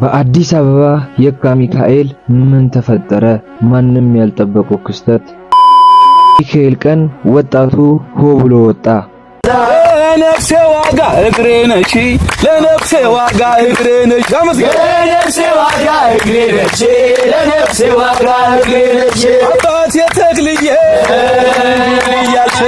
በአዲስ አበባ የካ ሚካኤል ምን ተፈጠረ? ማንም ያልጠበቀው ክስተት። ሚካኤል ቀን ወጣቱ ሆ ብሎ ወጣ። ለነፍሴ ዋጋ እግሬ ነች፣ ለነፍሴ ዋጋ እግሬ ነች፣ ለነፍሴ ዋጋ እግሬ ነች፣ ለነፍሴ ዋጋ እግሬ ነች። አባቴ ተክልዬ እያልሽ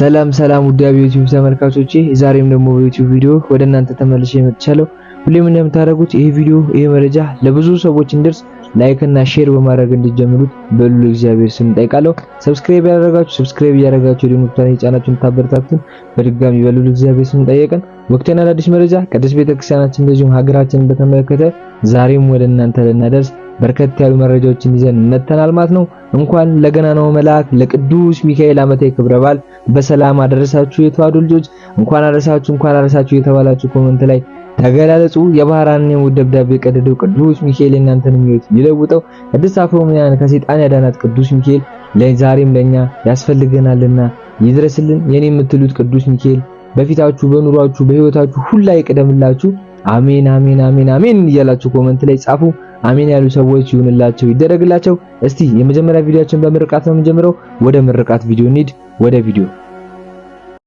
ሰላም ሰላም፣ ውድ የዩቲዩብ ተመልካቾቼ፣ ዛሬም ደግሞ በዩቲዩብ ቪዲዮ ወደ እናንተ ተመልሼ መጥቻለሁ። ሁሌም እንደምታደርጉት ይሄ ቪዲዮ ይሄ መረጃ ለብዙ ሰዎች እንዲደርስ ላይክ እና ሼር በማድረግ እንዲጀምሩት በሉ እግዚአብሔር ስም እንጠይቃለሁ። ሰብስክራይብ ያደረጋችሁ ሰብስክራይብ ያደረጋችሁ ደግሞ ታኔ ጫናችሁን ታበረታቱን በድጋሚ በሉ እግዚአብሔር ስም እንጠይቀን። ወቅቴና አዳዲስ መረጃ ቅድስት ቤተክርስቲያናችን እንደዚሁም ሀገራችንን በተመለከተ ዛሬም ወደ እናንተ ልናደርስ በርከት ያሉ መረጃዎችን ይዘን መተናል ማለት ነው። እንኳን ለገና ነው መልአክ ለቅዱስ ሚካኤል ዓመታዊ ክብረ በዓል በሰላም አደረሳችሁ የተዋዱ ልጆች። እንኳን አደረሳችሁ እንኳን አደረሳችሁ የተባላችሁ ኮመንት ላይ ተገላለጹ የባህራን የባህራንን ደብዳቤ ቀደደው ቅዱስ ሚካኤል እናንተንም ሕይወት ይለውጠው ቅድስት አፍሮምያን ከሰይጣን ያዳናት ቅዱስ ሚካኤል ለዛሬም ለኛ ያስፈልገናልና ይድረስልን። የኔ የምትሉት ቅዱስ ሚካኤል በፊታችሁ በኑሯችሁ በህይወታችሁ ሁላ ይቅደምላችሁ። አሜን አሜን አሜን አሜን እያላችሁ ኮመንት ላይ ጻፉ። አሜን ያሉ ሰዎች ይሁንላቸው፣ ይደረግላቸው። እስቲ የመጀመሪያ ቪዲዮችን በምርቃት ነው የምንጀምረው። ወደ ምርቃት ቪዲዮ እንሂድ። ወደ ቪዲዮ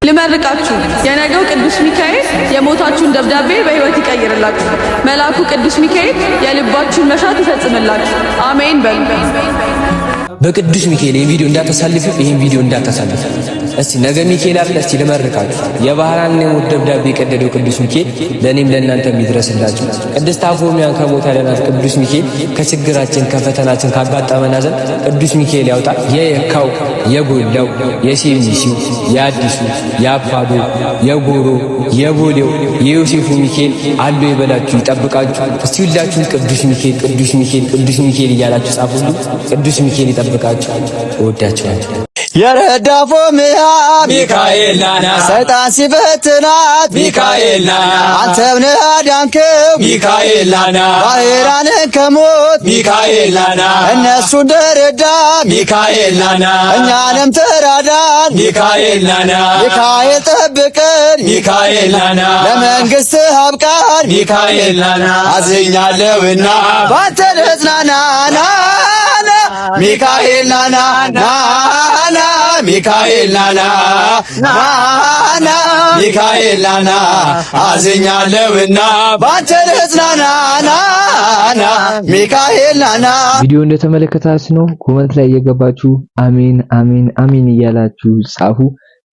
ልመርቃችሁ የነገው ቅዱስ ሚካኤል የሞታችሁን ደብዳቤ በሕይወት ይቀይርላችሁ። መልአኩ ቅዱስ ሚካኤል የልባችሁን መሻት ይፈጽምላችሁ። አሜን በሉ። በቅዱስ ሚካኤል ይህን ቪዲዮ እንዳታሳልፉ፣ ይህን ቪዲዮ እንዳታሳልፉ። እስቲ ነገ ሚካኤል አለ። እስቲ ልመርቃችሁ የባህራን የሞት ደብዳቤ የቀደደው ቅዱስ ሚካኤል ለእኔም ለእናንተ የሚድረስላችሁ። ቅድስት አፎሚያን ከሞት ያዳናት ቅዱስ ሚካኤል ከችግራችን ከፈተናችን ካጋጠመን ሐዘን ቅዱስ ሚካኤል ያውጣ። የየካው የጎላው የሴሚሲው የአዲሱ የአፋዶ የጎሮ የቦሌው የዮሴፉ ሚካኤል አሉ ይበላችሁ ይጠብቃችሁ። እስቲ ሁላችሁ ቅዱስ ሚካኤል ቅዱስ ሚካኤል ቅዱስ ሚካኤል እያላችሁ ጻፉ። ቅዱስ ሚካኤል ይጠብቃችሁ። እወዳችኋለሁ። የረዳፎ ምያ ሚካኤል ናና ሰይጣን ሲፈትናት ሚካኤል ናና አንተምነህ አዳንከው ሚካኤል ናና ባሕራንን ከሞት ሚካኤል ናና እነሱን ደረዳን ሚካኤል ናና እኛንም ተራዳን ሚካኤል ናና ሚካኤል ጠብቀን ሚካኤል ናና ለመንግሥትህ አብቃን ሚካኤል ናና አዝኛለሁና ባንተ ልጽናናና ሚካኤል ናና ናና ሚካኤል ናና ናና ሚካኤል ናና አዝኛለሁና ባንተ ልጽናና ናና ሚካኤል ናና። ቪዲዮ እንደተመለከታችሁ ነው። ኮመንት ላይ እየገባችሁ አሜን አሜን አሜን እያላችሁ ጻፉ።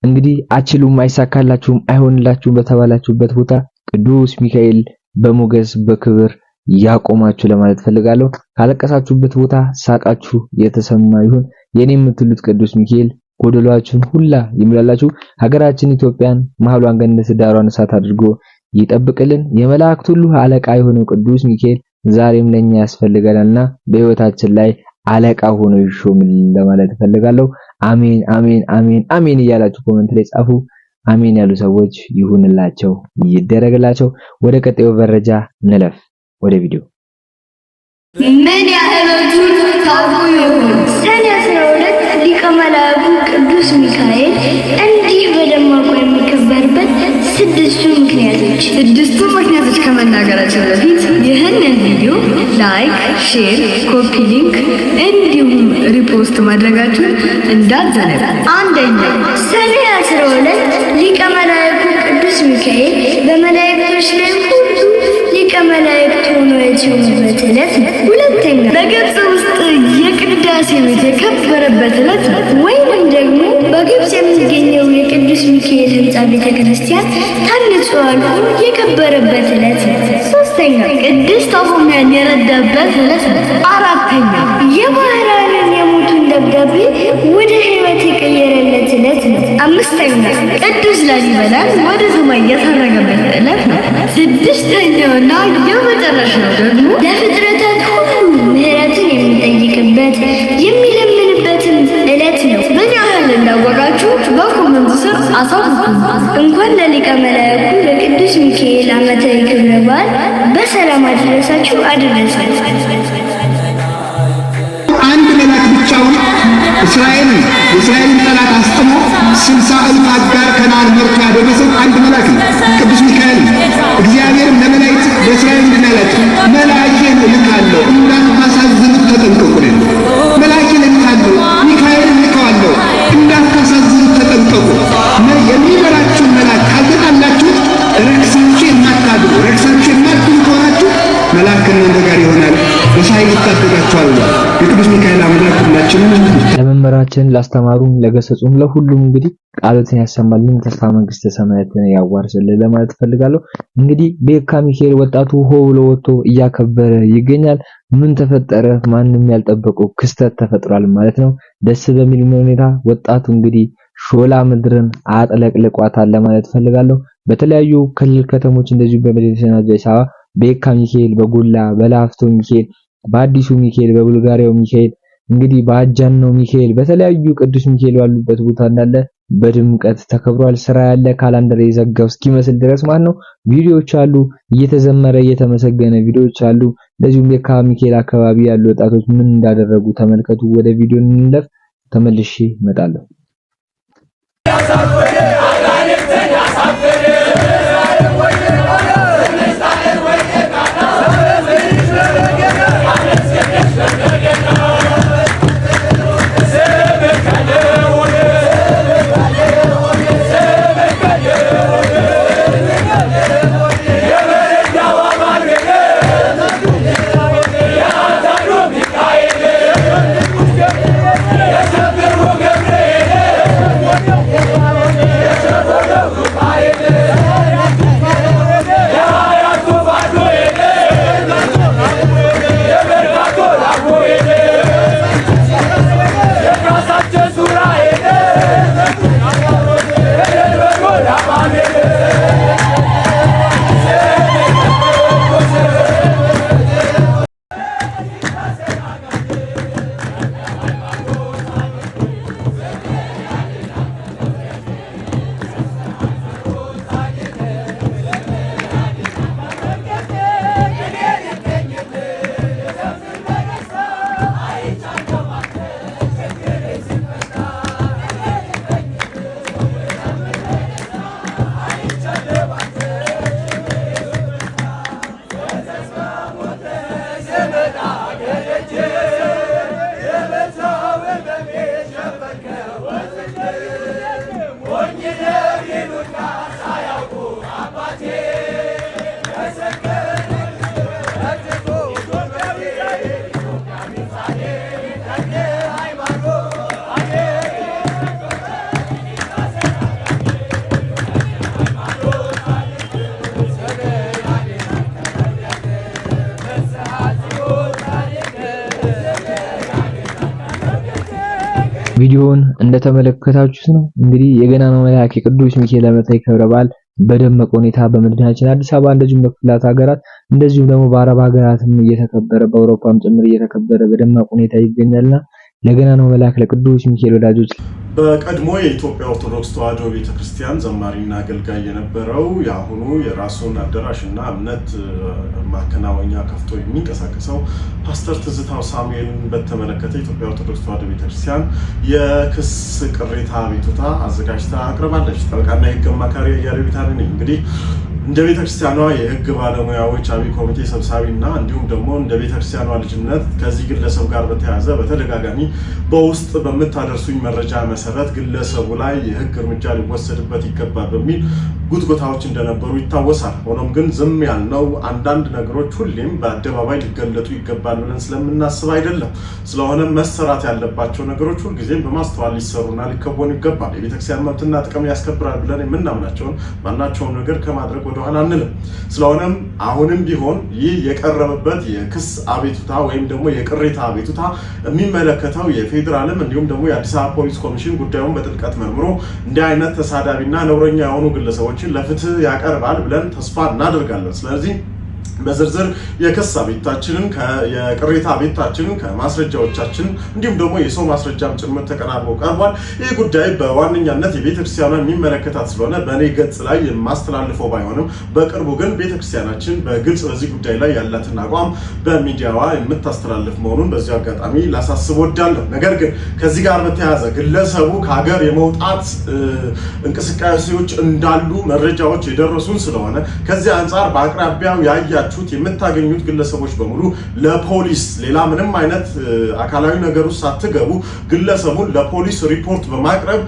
እንግዲህ አችሉም፣ አይሳካላችሁም፣ አይሆንላችሁም በተባላችሁበት ቦታ ቅዱስ ሚካኤል በሞገስ በክብር ያቆማችሁ ለማለት ፈልጋለሁ። ካለቀሳችሁበት ቦታ ሳቃችሁ የተሰማ ይሁን። የኔ የምትሉት ቅዱስ ሚካኤል ጎደሏችሁን ሁላ ይምላላችሁ። ሀገራችን ኢትዮጵያን መሐሏን ገነት፣ ዳሯን እሳት አድርጎ ይጠብቅልን። የመላእክት ሁሉ አለቃ የሆነው ቅዱስ ሚካኤል ዛሬም ለኛ ያስፈልገናልና በህይወታችን ላይ አለቃ ሆኖ ይሾምልን ለማለት ፈልጋለሁ። አሜን አሜን አሜን አሜን እያላችሁ ኮመንት ላይ ጻፉ። አሜን ያሉ ሰዎች ይሁንላቸው፣ ይደረግላቸው። ወደ ቀጣዩ መረጃ እንለፍ። ወደ ቪዲዮ ምን ያህሎቹ ታውቁ ይሆን? ሰኔ አስራ ሁለት ሊቀ መላእክት ቅዱስ ሚካኤል እንዲህ በደማቁ የሚከበርበት ስድስቱ ምክንያቶች። ስድስቱ ምክንያቶች ከመናገራችን በፊት ይህንን ቪዲዮ ላይክ፣ ሼር፣ ኮፒ ሊንክ እንዲሁም ሪፖስት ማድረጋችሁን እንዳትዘነጉ። አንደኛ ሰኔ አስራ ሁለት ሊቀ መላእክት ቅዱስ ሚካኤል በመላእክቶች ላይ መላእክት ሆኖ የተሾመበት ዕለት ነው። ሁለተኛ በግብፅ ውስጥ የቅዳሴ ቤት የከበረበት ዕለት ነው። ወይም ደግሞ በግብፅ የሚገኘው የቅዱስ ሚካኤል ህንፃ ቤተ ክርስቲያን ታንጾ የከበረበት ዕለት ነው። ሶስተኛ ቅድስት ሶፎንያን የረዳበት ዕለት ነው። አራተኛ አምስተኛ ቅዱስ ላሊበላ ወደ ሰማይ የተረገበት ዕለት ነው። ስድስተኛውና የመጨረሻው ደግሞ ለፍጥረታት ሁሉ ምሕረትን የሚጠይቅበት የሚለምንበትም ዕለት ነው። ምን ያህል እንዳወቃችሁ በኮመንት ስር አሳውቁ። እንኳን ለሊቀ መላእክቱ ለቅዱስ ሚካኤል ዓመታዊ ክብረ በዓል በሰላም አድረሳችሁ አደረሳችሁ። አንድ መልአክ ብቻውን እስራኤልን የእስራኤልን ጠላት አስጥሞ ስልሳ እልፍ አጋር ከነዓን መርጦ ያደረሰው አንድ መልአክ ነው፣ ቅዱስ ሚካኤል ነው። እግዚአብሔርም ለመላእክት ለእስራኤል እንዲህ አላቸው፣ መልአኬን እልካለሁ እንዳታሳዝኑት ተጠንቀቁ መልአኬን እልካለሁ፣ ሚካኤልን እልከዋለሁ፣ እንዳታሳዝኑት ተጠንቀቁ። የሚመራችሁን መልአክ ካልተጣላችሁት ረክሳችሁ የማታድሩ ረክሳችሁ የማትድሩ ከሆናችሁ መልአክ ከእናንተ ጋር ይሆናል፣ በሳይል ይታደጋችኋል። የቅዱስ ሚካኤል አምላክ ሁላችንም ትምህርታችንን ላስተማሩም ለገሰጹም ለሁሉም እንግዲህ ቃሎትን ያሰማልን ተስፋ መንግስተ ሰማያትን ያዋርስልን ለማለት ፈልጋለሁ። እንግዲህ ቤካ ሚካኤል ወጣቱ ሆ ብሎ ወጥቶ እያከበረ ይገኛል። ምን ተፈጠረ? ማንም ያልጠበቀው ክስተት ተፈጥሯል ማለት ነው። ደስ በሚል ሁኔታ ወጣቱ እንግዲህ ሾላ ምድርን አጥለቅልቋታል ለማለት ፈልጋለሁ። በተለያዩ ክልል ከተሞች እንደዚሁ በመዲናችን አዲስ አበባ ቤካ ሚካኤል፣ በጎላ በላፍቶ ሚካኤል፣ በአዲሱ ሚካኤል፣ በቡልጋሪያው ሚካኤል እንግዲህ ነው ሚካኤል በተለያዩ ቅዱስ ሚካኤል ባሉበት ቦታ እንዳለ በድምቀት ተከብሯል። ስራ ያለ ካላንደር የዘጋው እስኪመስል ድረስ ማለት ነው። ቪዲዮዎች አሉ፣ እየተዘመረ እየተመሰገነ ቪዲዮዎች አሉ። እንደዚሁም የካ ሚካኤል አካባቢ ያሉ ወጣቶች ምን እንዳደረጉ ተመልከቱ። ወደ ቪዲዮ እንለፍ፣ ተመልሼ እመጣለሁ። ቪዲዮውን እንደተመለከታችሁት ነው እንግዲህ የገናናው መልአክ የቅዱስ ሚካኤል ዓመታዊ ክብረ በዓል በደመቀ ሁኔታ በመዲናችን አዲስ አበባ እንደዚሁም በክፍላት ሀገራት እንደዚሁም ደግሞ በአረብ ሀገራትም እየተከበረ በአውሮፓም ጭምር እየተከበረ በደማቅ ሁኔታ ይገኛልና ለገና ነው መልአክ ለቅዱስ ሚካኤል ወዳጆች በቀድሞ የኢትዮጵያ ኦርቶዶክስ ተዋሕዶ ቤተክርስቲያን ዘማሪና አገልጋይ የነበረው የአሁኑ የራሱን አዳራሽና እምነት ማከናወኛ ከፍቶ የሚንቀሳቀሰው ፓስተር ትዝታው ሳሙኤልን በተመለከተ ኢትዮጵያ ኦርቶዶክስ ተዋሕዶ ቤተክርስቲያን የክስ ቅሬታ አቤቱታ አዘጋጅታ አቅርባለች። ጠበቃና የሕግ አማካሪ አያሌው ነኝ። እንግዲህ እንደ ቤተክርስቲያኗ የህግ ባለሙያዎች አብይ ኮሚቴ ሰብሳቢ እና እንዲሁም ደግሞ እንደ ቤተክርስቲያኗ ልጅነት ከዚህ ግለሰብ ጋር በተያያዘ በተደጋጋሚ በውስጥ በምታደርሱኝ መረጃ መሰረት ግለሰቡ ላይ የህግ እርምጃ ሊወሰድበት ይገባል በሚል ጉትጎታዎች እንደነበሩ ይታወሳል። ሆኖም ግን ዝም ያልነው አንዳንድ ነገሮች ሁሌም በአደባባይ ሊገለጡ ይገባል ብለን ስለምናስብ አይደለም። ስለሆነ መሰራት ያለባቸው ነገሮች ሁልጊዜም በማስተዋል ሊሰሩና ሊከወኑ ይገባል። የቤተክርስቲያን መብትና ጥቅም ያስከብራል ብለን የምናምናቸውን ማናቸውን ነገር ከማድረግ ወደኋላ አንልም። ስለሆነም አሁንም ቢሆን ይህ የቀረበበት የክስ አቤቱታ ወይም ደግሞ የቅሬታ አቤቱታ የሚመለከተው የፌዴራልም እንዲሁም ደግሞ የአዲስ አበባ ፖሊስ ኮሚሽን ጉዳዩን በጥልቀት መርምሮ እንዲህ አይነት ተሳዳቢና ነውረኛ የሆኑ ግለሰቦችን ለፍትህ ያቀርባል ብለን ተስፋ እናደርጋለን። ስለዚህ በዝርዝር የክስ አቤታችንን የቅሬታ አቤታችንን ከማስረጃዎቻችን እንዲሁም ደግሞ የሰው ማስረጃም ጭምር ተቀራርቦ ቀርቧል። ይህ ጉዳይ በዋነኛነት የቤተክርስቲያኗ የሚመለከታት ስለሆነ በእኔ ገጽ ላይ የማስተላልፈው ባይሆንም በቅርቡ ግን ቤተክርስቲያናችን በግልጽ በዚህ ጉዳይ ላይ ያላትን አቋም በሚዲያዋ የምታስተላልፍ መሆኑን በዚሁ አጋጣሚ ላሳስብ ወዳለሁ። ነገር ግን ከዚህ ጋር በተያያዘ ግለሰቡ ከሀገር የመውጣት እንቅስቃሴዎች እንዳሉ መረጃዎች የደረሱን ስለሆነ ከዚህ አንጻር በአቅራቢያው ያየ የፈለጋችሁት የምታገኙት ግለሰቦች በሙሉ ለፖሊስ ሌላ ምንም አይነት አካላዊ ነገር ውስጥ ሳትገቡ ግለሰቡን ለፖሊስ ሪፖርት በማቅረብ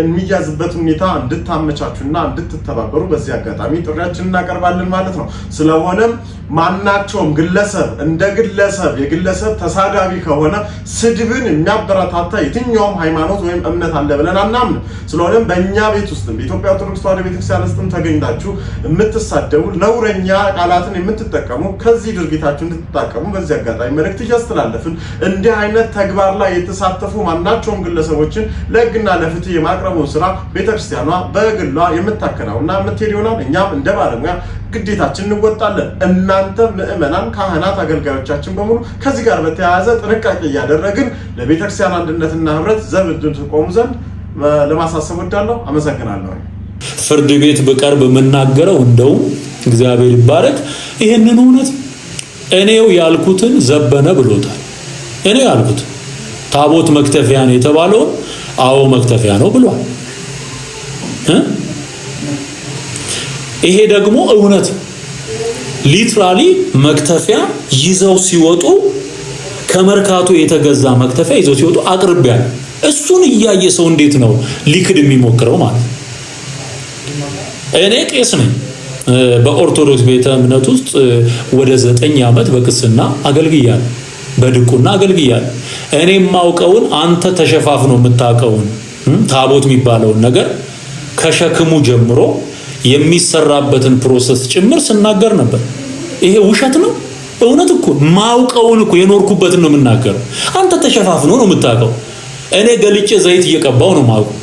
የሚያዝበት ሁኔታ እንድታመቻቹና እንድትተባበሩ በዚህ አጋጣሚ ጥሪያችን እናቀርባለን ማለት ነው። ስለሆነም ማናቸውም ግለሰብ እንደ ግለሰብ የግለሰብ ተሳዳቢ ከሆነ ስድብን የሚያበረታታ የትኛውም ሃይማኖት ወይም እምነት አለ ብለን አናምን። ስለሆነም በእኛ ቤት ውስጥም በኢትዮጵያ ኦርቶዶክስ ተዋህዶ ቤተክርስቲያን ውስጥም ተገኝታችሁ የምትሳደቡ ነውረኛ ቃላትን የምትጠቀሙ ከዚህ ድርጊታችሁ እንድትታቀሙ በዚህ አጋጣሚ መልእክት እያስተላለፍን እንዲህ አይነት ተግባር ላይ የተሳተፉ ማናቸውም ግለሰቦችን ለህግና ለፍትህ የማቅረቡን ስራ ቤተክርስቲያኗ በግሏ የምታከናውና የምትሄድ ይሆናል። እኛም እንደ ባለሙያ ግዴታችን እንወጣለን። እናንተ ምዕመናን፣ ካህናት፣ አገልጋዮቻችን በሙሉ ከዚህ ጋር በተያያዘ ጥንቃቄ እያደረግን ለቤተክርስቲያን አንድነትና ህብረት ዘብ እንድትቆሙ ዘንድ ለማሳሰብ ወዳለሁ። አመሰግናለሁ። ፍርድ ቤት ብቀርብ የምናገረው እንደውም እግዚአብሔር ይባረክ ይህንን እውነት እኔው ያልኩትን ዘበነ ብሎታል። እኔው ያልኩት ታቦት መክተፊያ ነው የተባለውን አዎ መክተፊያ ነው ብሏል። ይሄ ደግሞ እውነት ሊትራሊ መክተፊያ ይዘው ሲወጡ ከመርካቶ የተገዛ መክተፊያ ይዘው ሲወጡ አቅርቢያል። እሱን እያየ ሰው እንዴት ነው ሊክድ የሚሞክረው? ማለት እኔ ቄስ ነኝ። በኦርቶዶክስ ቤተ እምነት ውስጥ ወደ ዘጠኝ ዓመት በቅስና አገልግያል፣ በድቁና አገልግያል። እኔ የማውቀውን አንተ ተሸፋፍኖ የምታውቀውን ታቦት የሚባለውን ነገር ከሸክሙ ጀምሮ የሚሰራበትን ፕሮሰስ ጭምር ስናገር ነበር። ይሄ ውሸት ነው። እውነት እኮ ማውቀውን እኮ የኖርኩበትን ነው የምናገረው። አንተ ተሸፋፍኖ ነው የምታውቀው። እኔ ገልጬ ዘይት እየቀባው ነው ማውቀው።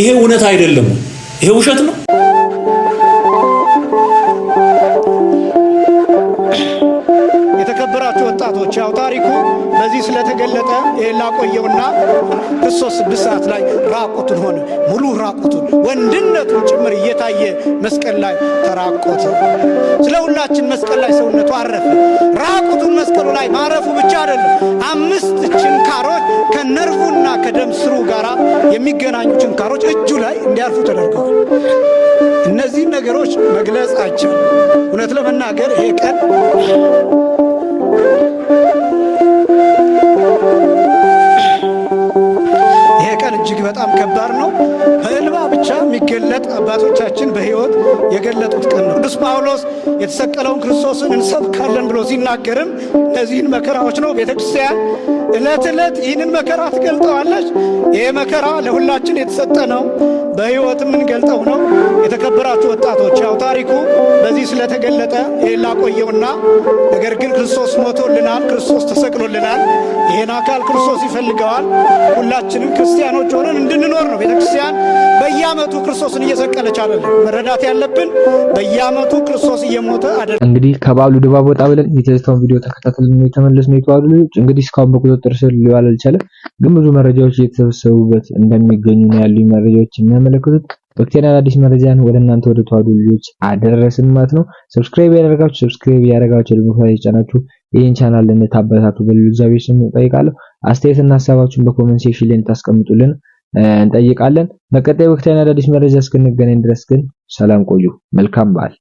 ይሄ እውነት አይደለም። ይሄ ውሸት ነው። የተከበራችሁ ወጣቶች ያው ታሪኩ በዚህ ስለተገለጠ ይሄን ላቆየውና ክርስቶስ ስድስት ሰዓት ላይ ራቁቱን ሆነ። ሙሉ ራቁቱን ወንድነቱን ጭምር እየታየ መስቀል ላይ ተራቆተ። ስለ ሁላችን መስቀል ላይ ሰውነቱ አረፈ። ራቁቱን መስቀሉ ላይ ማረፉ ብቻ አይደለም፣ አምስት ችንካሮች ከነርፉና ከደም ስሩ ጋር የሚገናኙ ችንካሮች እጁ ላይ እንዲያርፉ ተደርገዋል። እነዚህን ነገሮች መግለጻቸው እውነት ለመናገር ይሄ ቀን ብቻ የሚገለጥ አባቶቻችን በሕይወት የገለጡት ቀን ነው። ቅዱስ ጳውሎስ የተሰቀለውን ክርስቶስን እንሰብካለን ብሎ ሲናገርም እነዚህን መከራዎች ነው። ቤተ ክርስቲያን ዕለት ዕለት ይህንን መከራ ትገልጠዋለች። ይሄ መከራ ለሁላችን የተሰጠ ነው። በህይወት የምንገልጠው ነው። የተከበራችሁ ወጣቶች፣ ያው ታሪኩ በዚህ ስለተገለጠ ይህን ላቆየውና ነገር ግን ክርስቶስ ሞቶልናል፣ ክርስቶስ ተሰቅሎልናል። ይህን አካል ክርስቶስ ይፈልገዋል። ሁላችንም ክርስቲያኖች ሆነን እንድንኖር ነው። ቤተ ክርስቲያን በየአመቱ ክርስቶስን እየሰቀለች አይደለም። መረዳት ያለብን በየአመቱ ክርስቶስ እየሞተ አደለ። እንግዲህ ከባሉ ድባብ ወጣ ብለን የትዝታውን ቪዲዮ ተከታተል የተመለስ ነው። የተዋሉ ልጆች እንግዲህ እስካሁን በቁጥጥር ስር ሊዋል አልቻለም፣ ግን ብዙ መረጃዎች እየተሰበሰቡበት እንደሚገኙ ነው ያሉ መረጃዎች እንደምትመለከቱት ወቅቴና አዲስ መረጃን ወደ እናንተ ወደ ተዋዱ ልጆች አደረስን ማለት ነው። ሰብስክራይብ ያደረጋችሁ ሰብስክራይብ ያደረጋችሁ ደግሞ ላይ ጫናችሁ ይህን ቻናል እንድታበረታቱ በልዩ እግዚአብሔር ስም እንጠይቃለሁ። አስተያየትና ሀሳባችሁን በኮሜንት ሴክሽን ላይ እንድታስቀምጡልን እንጠይቃለን። በቀጣይ ወቅታዊና አዲስ መረጃ እስክንገናኝ ድረስ ግን ሰላም ቆዩ። መልካም በዓል